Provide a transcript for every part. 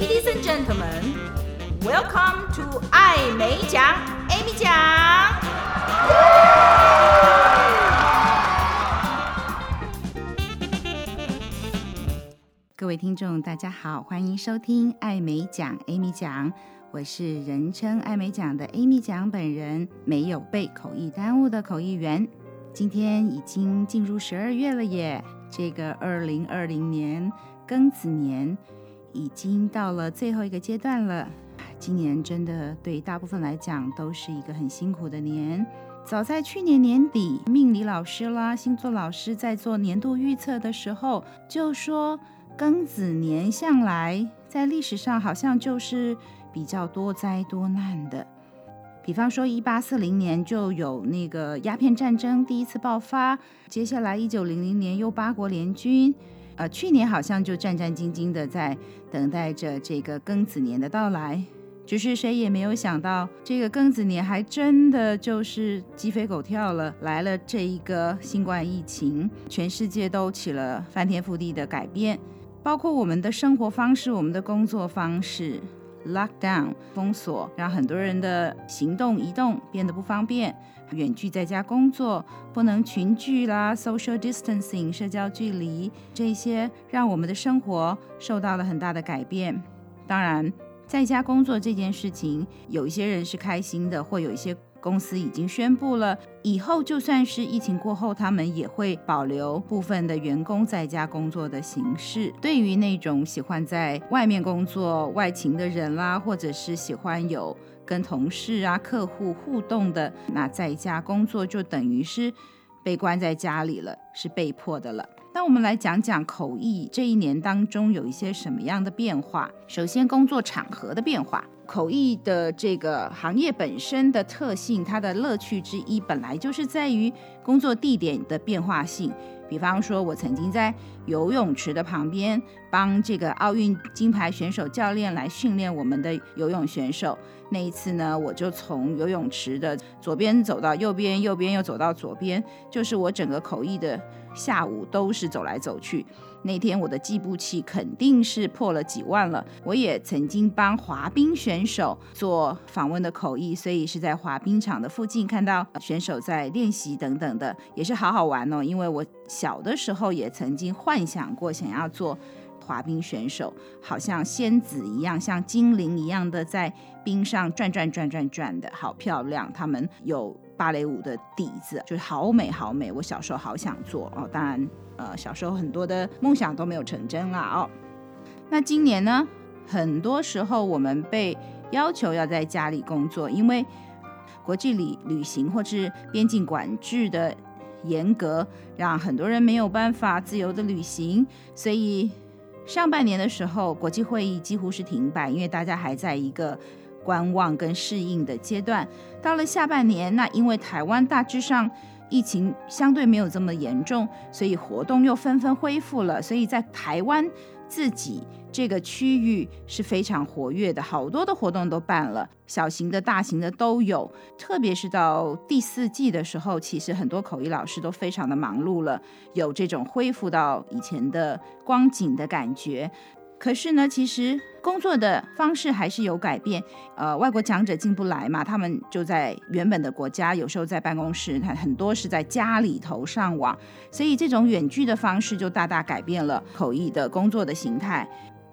Ladies and gentlemen, welcome to《艾美獎》Amy 獎。各位聽眾，大家好，歡迎收聽《艾美獎》Amy 獎。我是人稱“艾美獎”的 Amy 獎本人，沒有被口譯耽誤的口譯員。今天已經進入十二月了耶，這個二零二零年庚子年。已經到了最後一個階段了。今年真的對大部分來講都是一個很辛苦的年。早在去年年底，命理老師啦、星座老師在做年度預測的時候，就說庚子年向來在歷史上好像就是比較多災多難的。比方說，一八四零年就有那個鴉片戰爭第一次爆發，接下來一九零零年又八國聯軍。呃，去年好像就戰戰兢兢的在等待着這個庚子年的到來，只是誰也沒有想到，這個庚子年還真的就是雞飛狗跳了，來了這一個新冠疫情，全世界都起了翻天覆地的改變，包括我們的生活方式，我們的工作方式。Lockdown 封鎖，讓很多人的行動移動變得不方便，遠距在家工作，不能群聚啦，social distancing 社交距離，這些讓我們的生活受到了很大的改變。當然，在家工作這件事情，有一些人是開心的，或有一些。公司已經宣布了，以後就算是疫情過後，他們也會保留部分的員工在家工作的形式。對於那種喜歡在外面工作外勤的人啦、啊，或者是喜歡有跟同事啊、客戶互動的，那在家工作就等於是被關在家裡了，是被迫的了。那我們來講講口譯這一年當中有一些什麼樣的變化。首先，工作場合的變化。口譯的這個行業本身的特性，它的樂趣之一本來就是在於工作地點的變化性。比方說，我曾經在游泳池的旁邊幫這個奧運金牌選手教練來訓練我們的游泳選手。那一次呢，我就從游泳池的左邊走到右邊，右邊又走到左邊，就是我整個口譯的下午都是走來走去。那天我的計步器肯定是破了幾萬了。我也曾經幫滑冰選手做訪問的口譯，所以是在滑冰場的附近看到選手在練習等等的，也是好好玩哦。因為我小的時候也曾經幻想過想要做滑冰選手，好像仙子一樣，像精靈一樣的在冰上轉轉轉轉轉的，好漂亮。他們有。芭蕾舞的底子就好美好美，我小時候好想做哦。當然，呃，小時候很多的夢想都沒有成真了哦。那今年呢，很多時候我們被要求要在家裡工作，因為國際旅旅行或是邊境管制的嚴格，讓很多人沒有辦法自由的旅行。所以上半年的時候，國際會議幾乎是停擺，因為大家還在一個。觀望跟適應的階段，到了下半年，那因為台灣大致上疫情相對沒有這麼嚴重，所以活動又紛紛恢復了。所以在台灣自己這個區域是非常活躍的，好多的活動都辦了，小型的、大型的都有。特別是到第四季的時候，其實很多口譯老師都非常的忙碌了，有這種恢復到以前的光景的感覺。可是呢，其實工作的方式還是有改變。呃，外國講者進不來嘛，他們就在原本的國家，有時候在辦公室，很多是在家裡頭上網，所以這種遠距的方式就大大改變了口譯的工作的形態。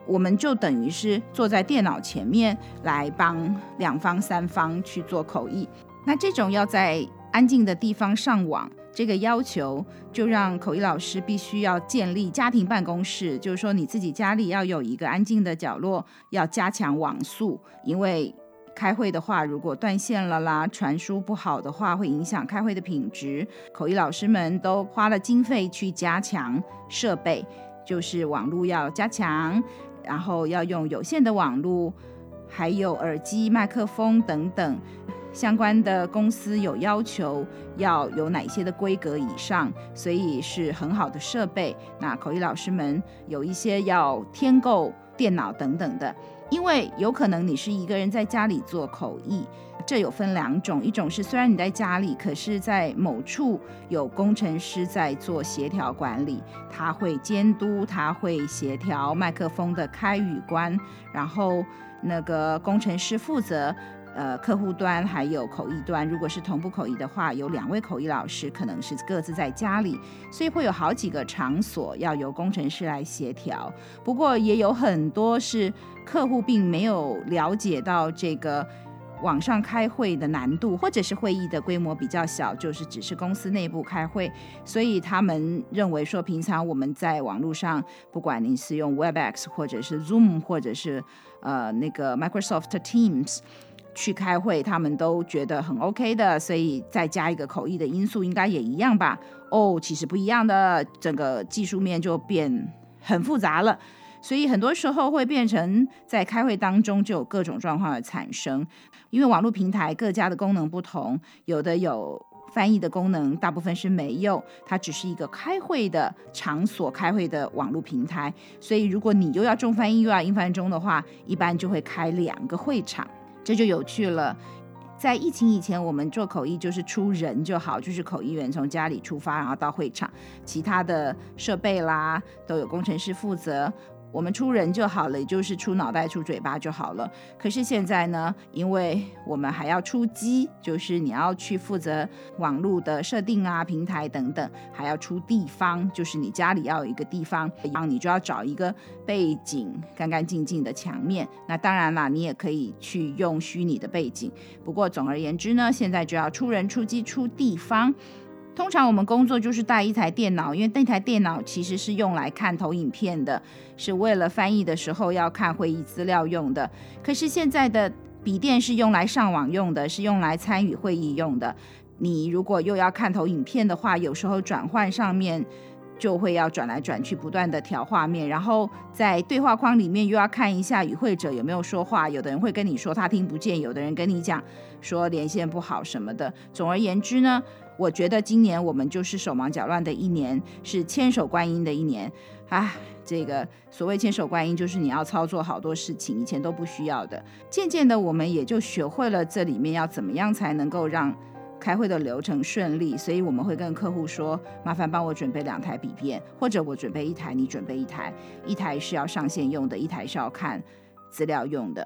我們就等於是坐在電腦前面來幫兩方、三方去做口譯。那這種要在安靜的地方上網。這個要求就讓口譯老師必須要建立家庭辦公室，就是說你自己家裡要有一個安靜的角落，要加強網速，因為開會的話，如果斷線了啦，傳輸不好的話，會影響開會的品質。口譯老師們都花了經費去加強設備，就是網路要加強，然後要用有線的網路，還有耳機、麥克風等等。相關的公司有要求，要有哪些的規格以上，所以是很好的設備。那口譯老師們有一些要添購電腦等等的，因為有可能你是一個人在家裡做口譯，這有分兩種，一種是雖然你在家裡，可是在某處有工程師在做協調管理，他會監督，他會協調麥克風的開與關，然後那個工程師負責。呃，客戶端還有口譯端，如果是同步口譯的話，有兩位口譯老師，可能是各自在家裡，所以會有好幾個場所要由工程師來協調。不過也有很多是客戶並沒有了解到這個網上開會的難度，或者是會議的規模比較小，就是只是公司內部開會，所以他們認為說平常我們在網絡上，不管你是用 Webex 或者是 Zoom 或者是呃那個 Microsoft Teams。去開會，他們都覺得很 OK 的，所以再加一個口譯的因素，應該也一樣吧？哦，其實不一樣的，整個技術面就變很複雜了，所以很多時候會變成在開會當中就有各種狀況的產生，因為網絡平台各家的功能不同，有的有翻譯的功能，大部分是沒有，它只是一個開會的場所，開會的網絡平台，所以如果你又要中翻英又要英翻中的話，一般就會開兩個會場。這就有趣了，在疫情以前，我們做口譯就是出人就好，就是口譯員從家裡出發，然後到會場，其他的設備啦都有工程師負責。我們出人就好了，也就是出腦袋、出嘴巴就好了。可是現在呢，因為我們還要出機，就是你要去負責網絡的設定啊、平台等等，還要出地方，就是你家裡要有一個地方，然後你就要找一個背景乾乾淨淨的牆面。那當然啦，你也可以去用虛擬的背景。不過總而言之呢，現在就要出人、出機、出地方。通常我們工作就是帶一台電腦，因為那台電腦其實是用來看投影片的，是為了翻譯的時候要看會議資料用的。可是現在的筆電是用來上網用的，是用來參與會議用的。你如果又要看投影片的話，有時候轉換上面就會要轉來轉去，不斷地調畫面，然後在對話框裡面又要看一下與會者有沒有說話，有的人會跟你說他聽不見，有的人跟你講說連線不好什麼的。總而言之呢。我覺得今年我們就是手忙腳亂的一年，是千手觀音的一年，啊，這個所謂千手觀音就是你要操作好多事情，以前都不需要的。漸漸的，我們也就學會了這裡面要怎麼樣才能夠讓開會的流程順利。所以我們會跟客戶說，麻煩幫我準備兩台筆電，或者我準備一台，你準備一台，一台是要上線用的，一台是要看資料用的。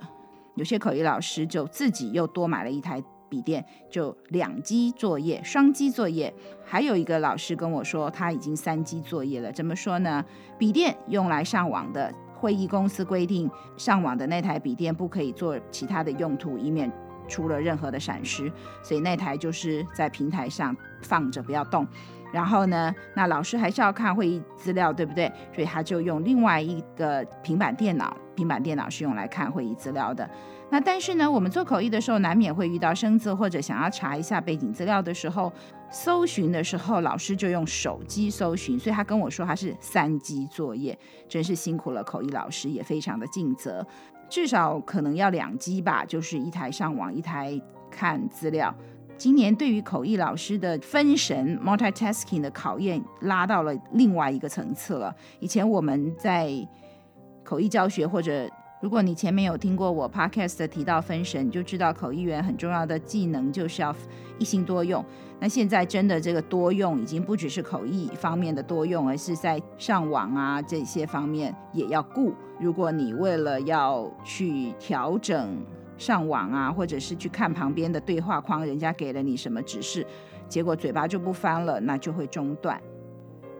有些口譯老師就自己又多買了一台。筆電就兩機作業，雙機作業，還有一個老師跟我說他已經三機作業了。怎麼說呢？筆電用來上網的，會議公司規定上網的那台筆電不可以做其他的用途，以免出了任何的閃失，所以那台就是在平台上放着，不要動。然後呢，那老師還是要看會議資料，對不對？所以他就用另外一個平板電腦，平板電腦是用來看會議資料的。那但是呢，我們做口譯的時候，難免會遇到生字或者想要查一下背景資料的時候，搜尋的時候，老師就用手機搜尋。所以他跟我說，他是三機作業，真是辛苦了，口譯老師也非常的盡責，至少可能要兩機吧，就是一台上網，一台看資料。今年對於口譯老師的分神 （multitasking） 的考驗拉到了另外一個層次了。以前我們在口譯教學，或者如果你前面有聽過我 podcast 提到分神，就知道口譯員很重要的技能就是要一心多用。那現在真的這個多用已經不只是口譯方面的多用，而是在上網啊這些方面也要顧。如果你為了要去調整。上網啊，或者是去看旁邊的對話框，人家給了你什麼指示，結果嘴巴就不翻了，那就會中斷。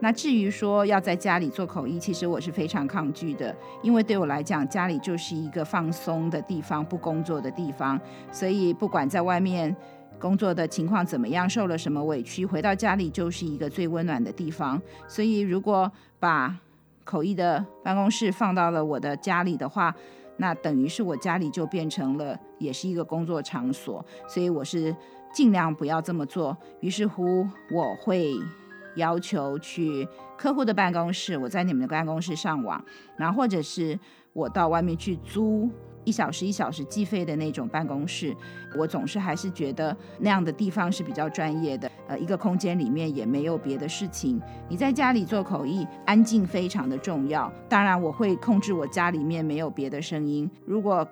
那至於說要在家裡做口譯，其實我是非常抗拒的，因為對我來講，家裡就是一個放鬆的地方，不工作的地方。所以不管在外面工作的情況怎麼樣，受了什麼委屈，回到家裡就是一個最溫暖的地方。所以如果把口譯的辦公室放到了我的家裡的話，那等於是我家裡就變成了也是一個工作場所，所以我是儘量不要這麼做。於是乎，我會要求去客戶的辦公室，我在你們的辦公室上網，然後或者是我到外面去租。一小時一小時計費的那種辦公室，我總是還是覺得那樣的地方是比較專業的。呃，一個空間裡面也沒有別的事情。你在家裡做口譯，安靜非常的重要。當然，我會控制我家裡面沒有別的聲音。如果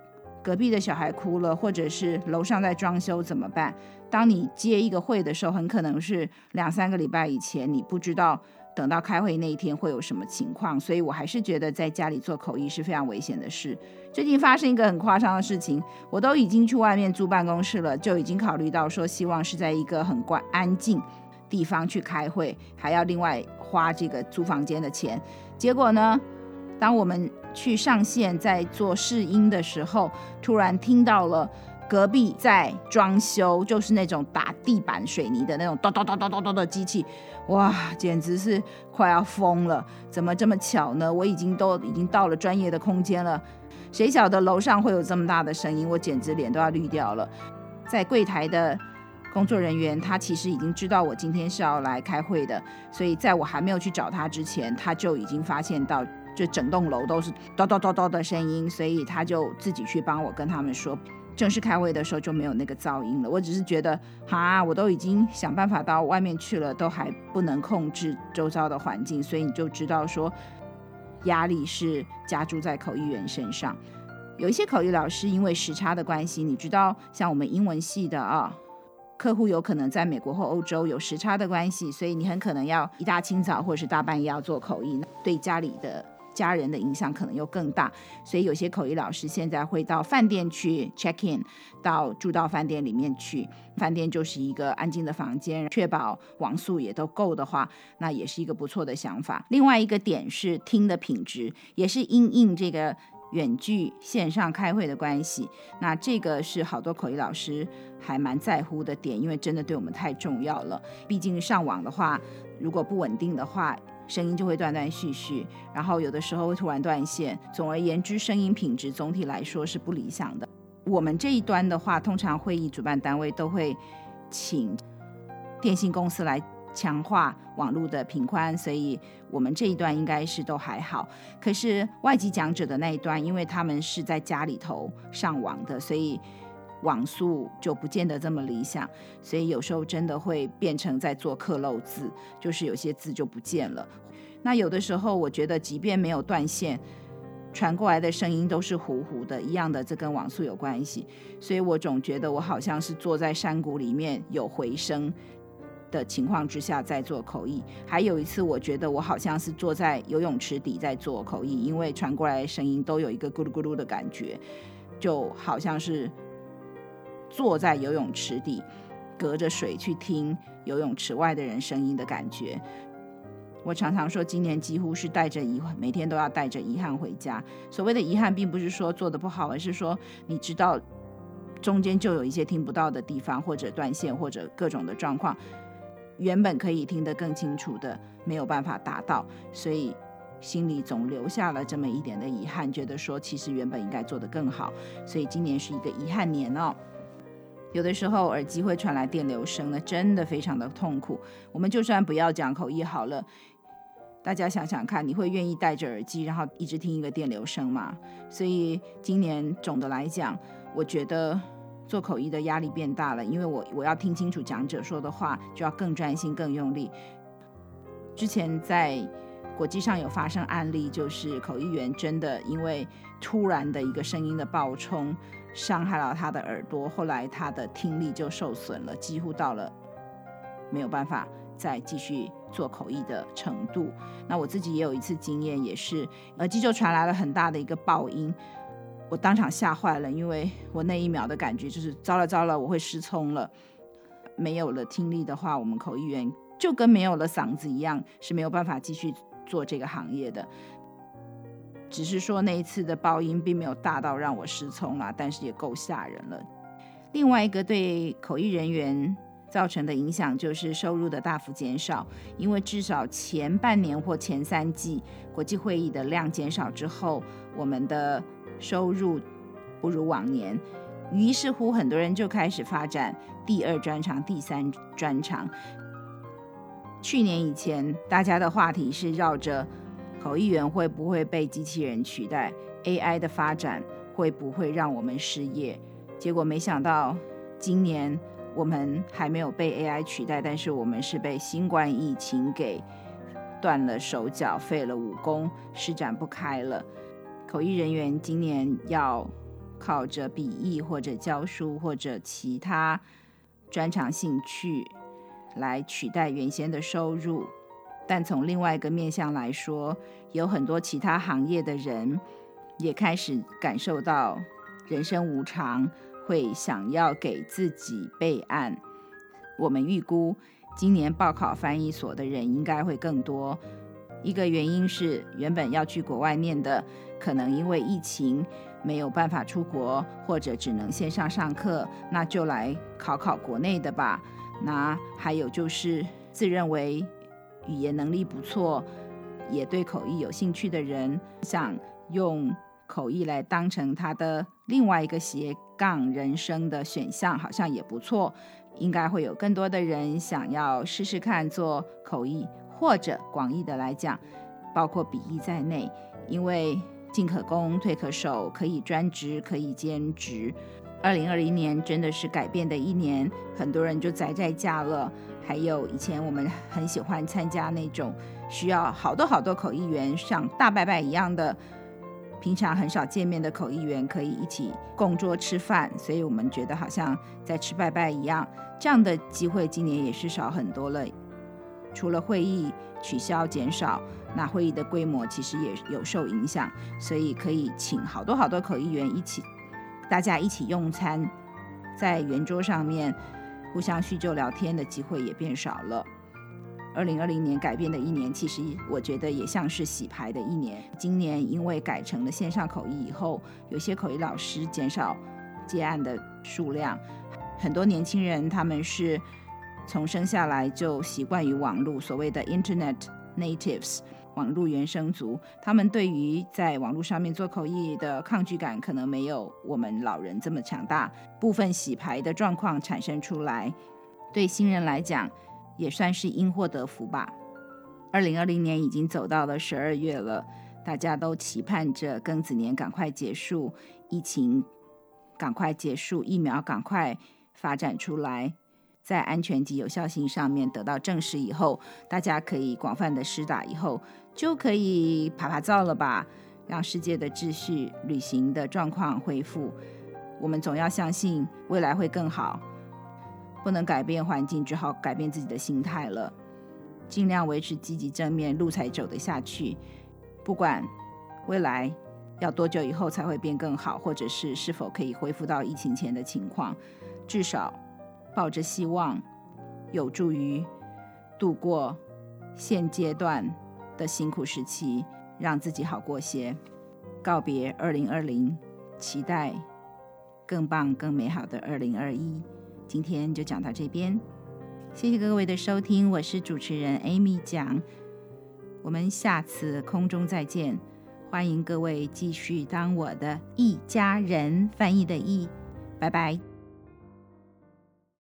隔壁的小孩哭了，或者是樓上在裝修怎麼辦？當你接一個會的時候，很可能是兩三個禮拜以前，你不知道。等到開會那一天會有什麼情況？所以我還是覺得在家裡做口譯是非常危險的事。最近發生一個很誇張的事情，我都已經去外面租辦公室了，就已經考慮到說，希望是在一個很安靜地方去開會，還要另外花這個租房間的錢。結果呢，當我們去上線在做試音的時候，突然聽到了。隔壁在裝修，就是那種打地板水泥的那種噠噠噠噠噠噠的機器，哇，簡直是快要瘋了！怎麼這麼巧呢？我已經都已經到了專業的空間了，誰曉得樓上會有這麼大的聲音？我簡直臉都要綠掉了。在櫃檯的工作人員，他其實已經知道我今天是要來開會的，所以在我還沒有去找他之前，他就已經發現到這整棟樓都是噠噠噠噠的聲音，所以他就自己去幫我跟他們說。正式開會的時候就沒有那個噪音了。我只是覺得，哈，我都已經想辦法到外面去了，都還不能控制周遭的環境，所以你就知道說，壓力是加注在口譯員身上。有一些口譯老師因為時差的關係，你知道，像我們英文系的啊、哦，客戶有可能在美國或歐洲，有時差的關係，所以你很可能要一大清早或者是大半夜要做口譯，對家裡的。家人的影響可能又更大，所以有些口譯老師現在會到飯店去 check in，到住到飯店裡面去，飯店就是一個安靜的房間，確保網速也都夠的話，那也是一個不錯的想法。另外一個點是聽的品質，也是因應這個遠距線上開會的關係，那這個是好多口譯老師還蠻在乎的點，因為真的對我們太重要了。畢竟上網的話，如果不穩定的話，聲音就會斷斷續續，然後有的時候會突然斷線。總而言之，聲音品質總體來說是不理想的。我們這一端的話，通常會議主辦單位都會請電信公司來強化網絡的頻寬，所以我們這一段應該是都還好。可是外籍講者的那一端，因為他們是在家裡頭上網的，所以。網速就不見得這麼理想，所以有時候真的會變成在做克漏字，就是有些字就不見了。那有的時候我覺得，即便沒有斷線，傳過來的聲音都是糊糊的，一樣的，這跟網速有關係。所以我總覺得我好像是坐在山谷裡面有回聲的情況之下在做口譯。還有一次，我覺得我好像是坐在游泳池底在做口譯，因為傳過來的聲音都有一個咕嚕咕嚕的感覺，就好像是。坐在游泳池底，隔着水去聽游泳池外的人聲音的感覺，我常常說，今年幾乎是帶着遺憾，每天都要帶着遺憾回家。所謂的遺憾，並不是說做得不好，而是說你知道中間就有一些聽不到的地方，或者斷線，或者各種的狀況，原本可以聽得更清楚的，沒有辦法達到，所以心裡總留下了這麼一點的遺憾，覺得說其實原本應該做得更好，所以今年是一個遺憾年哦。有的時候耳機會傳來電流聲，那真的非常的痛苦。我們就算不要講口譯好了，大家想想看，你會願意戴着耳機然後一直聽一個電流聲嗎？所以今年總的來講，我覺得做口譯的壓力變大了，因為我我要聽清楚講者說的話，就要更專心、更用力。之前在國際上有發生案例，就是口譯員真的因為突然的一個聲音的爆衝。傷害了他的耳朵，後來他的聽力就受損了，幾乎到了沒有辦法再繼續做口譯的程度。那我自己也有一次經驗，也是耳機就傳來了很大的一個爆音，我當場嚇壞了，因為我那一秒的感覺就是糟了糟了，我會失聰了。沒有了聽力的話，我們口譯員就跟沒有了嗓子一樣，是沒有辦法繼續做這個行業的。只是說那一次的爆音並沒有大到讓我失聰啦，但是也夠嚇人了。另外一個對口譯人員造成的影響就是收入的大幅減少，因為至少前半年或前三季國際會議的量減少之後，我們的收入不如往年，於是乎很多人就開始發展第二專長、第三專長。去年以前，大家的話題是繞着，口譯員會不會被機器人取代？AI 的發展會不會讓我們失業？結果沒想到，今年我們還沒有被 AI 取代，但是我們是被新冠疫情給斷了手腳、廢了武功、施展不開了。口譯人員今年要靠着筆譯或者教書或者其他專長興趣來取代原先的收入。但從另外一個面向來說，有很多其他行業的人也開始感受到人生無常，會想要給自己備案。我們預估今年報考翻譯所的人應該會更多。一個原因是原本要去國外念的，可能因為疫情沒有辦法出國，或者只能線上上課，那就來考考國內的吧。那還有就是自認為語言能力不錯，也對口譯有興趣的人，想用口譯來當成他的另外一個斜槓人生的選項，好像也不錯。應該會有更多的人想要試試看做口譯，或者廣義的來講，包括筆譯在內。因為進可攻，退可守，可以專職，可以兼職。二零二零年真的是改變的一年，很多人就宅在家了。還有以前我們很喜歡參加那種需要好多好多口譯員，像大拜拜一樣的，平常很少見面的口譯員可以一起共桌吃飯，所以我們覺得好像在吃拜拜一樣。這樣的機會今年也是少很多了，除了會議取消減少，那會議的規模其實也有受影響，所以可以請好多好多口譯員一起，大家一起用餐，在圓桌上面。互相敘舊聊天的機會也變少了。二零二零年改變的一年，其實我覺得也像是洗牌的一年。今年因為改成了線上口譯以後，有些口譯老師減少接案的數量。很多年輕人他們是從生下來就習慣於網絡，所謂的 Internet natives。網絡原生族，他們對於在網絡上面做口譯的抗拒感可能沒有我們老人這麼強大。部分洗牌的狀況產生出來，對新人來講也算是因禍得福吧。二零二零年已經走到了十二月了，大家都期盼着庚子年趕快結束，疫情趕快結束，疫苗趕快發展出來，在安全及有效性上面得到證實以後，大家可以廣泛的施打以後。就可以趴趴走了吧，讓世界的秩序、旅行的狀況恢復。我們總要相信未來會更好。不能改變環境，只好改變自己的心態了。盡量維持積極正面，路才走得下去。不管未來要多久以後才會變更好，或者是是否可以恢復到疫情前的情況，至少抱着希望，有助於度過現階段。辛苦時期，讓自己好過些，告別二零二零，期待更棒、更美好的二零二一。今天就講到這邊，謝謝各位的收聽，我是主持人 Amy 講，我們下次空中再見，歡迎各位繼續當我的譯家人，翻譯的譯、e，拜拜。